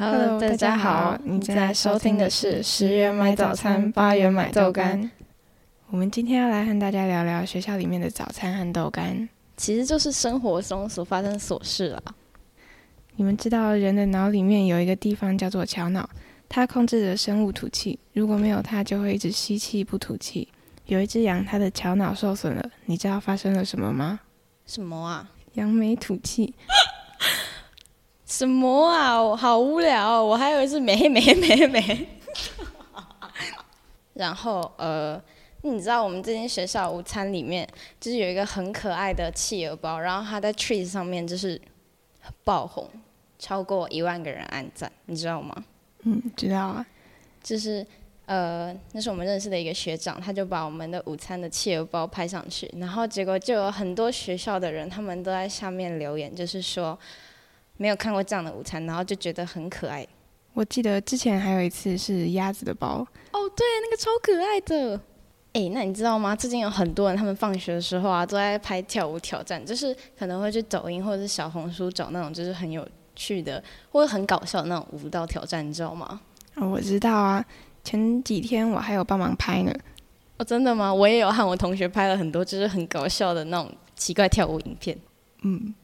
Hello，大家好，你現在收聽的是十元買早餐，八元買豆乾。我們今天要來和大家聊聊學校裡面的早餐和豆乾，其實就是生活中所發生的瑣事了。你們知道人的腦裡面有一個地方叫做橋腦，它控制着生物吐氣，如果沒有它，就會一直吸氣不吐氣。有一隻羊，它的橋腦受損了，你知道發生了什麼嗎？什麼啊？揚眉吐氣。什麼啊！我好無聊，我還以為是沒沒沒沒。沒沒 然後呃，你知道我們這間學校午餐裡面就是有一個很可愛的企鵝包，然後它在 t r e e 上面就是爆紅，超過一萬個人按讚，你知道嗎？嗯，知道啊。就是呃，那是我們認識的一個學長，他就把我們的午餐的企鵝包拍上去，然後結果就有很多學校的人，他們都在下面留言，就是說。沒有看過這樣的午餐，然後就覺得很可愛。我記得之前還有一次是鴨子的包哦，對，那個超可愛的。哎，那你知道嗎？最近有很多人他們放學的時候啊，都在拍跳舞挑戰，就是可能會去抖音或者是小紅書找那種就是很有趣的或者很搞笑的那種舞蹈挑戰，你知道嗎？啊，哦，我知道啊。前幾天我還有幫忙拍呢。哦，真的嗎？我也有和我同學拍了很多就是很搞笑的那種奇怪跳舞影片。嗯。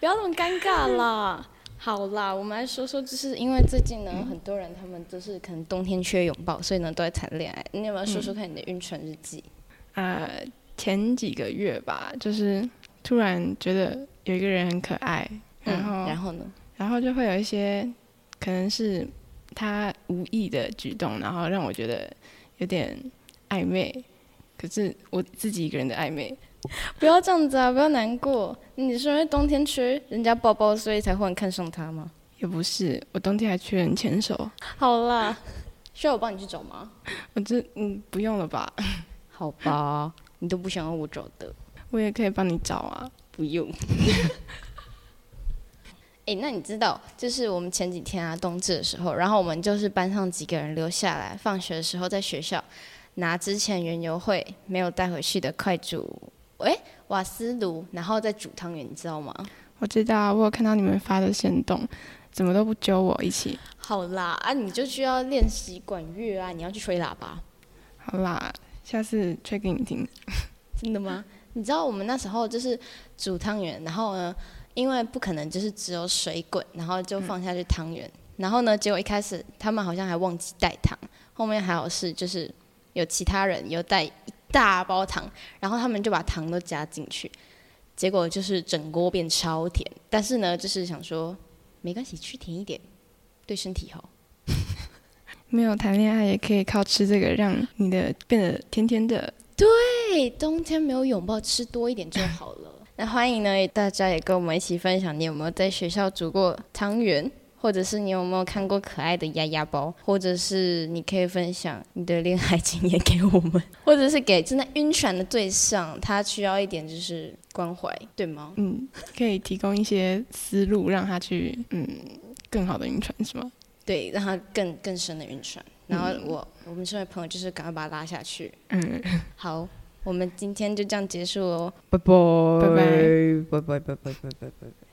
不要那麼尷尬啦！ 好啦，我們來說說，就是因為最近呢、嗯，很多人他們都是可能冬天缺擁抱，所以呢都在談戀愛。你有沒有說說看你的暈船日記、嗯？呃，前幾個月吧，就是突然覺得有一個人很可愛，嗯、然後、嗯、然後呢，然後就會有一些可能是他無意的舉動，然後讓我覺得有點曖昧，可是我自己一個人的曖昧。 不要這樣子啊！不要難過。你是因為冬天缺人家抱抱，所以才忽然看上他嗎？也不是，我冬天還缺人牽手。好啦，需要我幫你去找嗎？我這嗯，不用了吧？好吧， 你都不想要我找的。我也可以幫你找啊。不用。哎、 欸，那你知道，就是我們前幾天啊，冬至的時候，然後我們就是班上幾個人留下來，放學的時候在學校拿之前園遊會沒有帶回去的筷子。喂、欸、瓦斯爐，然後再煮湯圓，你知道嗎？我知道啊，我有看到你們發的行動，怎麼都不揪我一起。好啦，啊，你就需要練習管樂啊，你要去吹喇叭。好啦，下次吹給你聽。真的嗎？ 你知道我們那時候就是煮湯圓，然後呢，因為不可能就是只有水滾，然後就放下去湯圓，嗯，然後呢，結果一開始他們好像還忘記帶糖，後面還好是，就是有其他人有帶。大包糖，然後他們就把糖都加進去，結果就是整鍋變超甜。但是呢，就是想說，沒關係，吃甜一點，對身體好。沒有談戀愛也可以靠吃這個讓你的變得甜甜的。對，冬天沒有擁抱，吃多一點就好了。 那歡迎呢，大家也跟我們一起分享，你有沒有在學校煮過湯圓？或者是你有沒有看過可愛的鴨鴨包？或者是你可以分享你的戀愛經驗給我們，或者是給正在暈船的對象，他需要一點就是關懷，對嗎？嗯，可以提供一些思路讓他去嗯更好的暈船、 嗯，是嗎？對，讓他更更深的暈船。然後我、嗯、我們身為朋友就是趕快把他拉下去。嗯，好，我們今天就這樣結束囉，拜拜拜拜拜拜拜拜拜拜。Bye bye bye bye bye bye bye.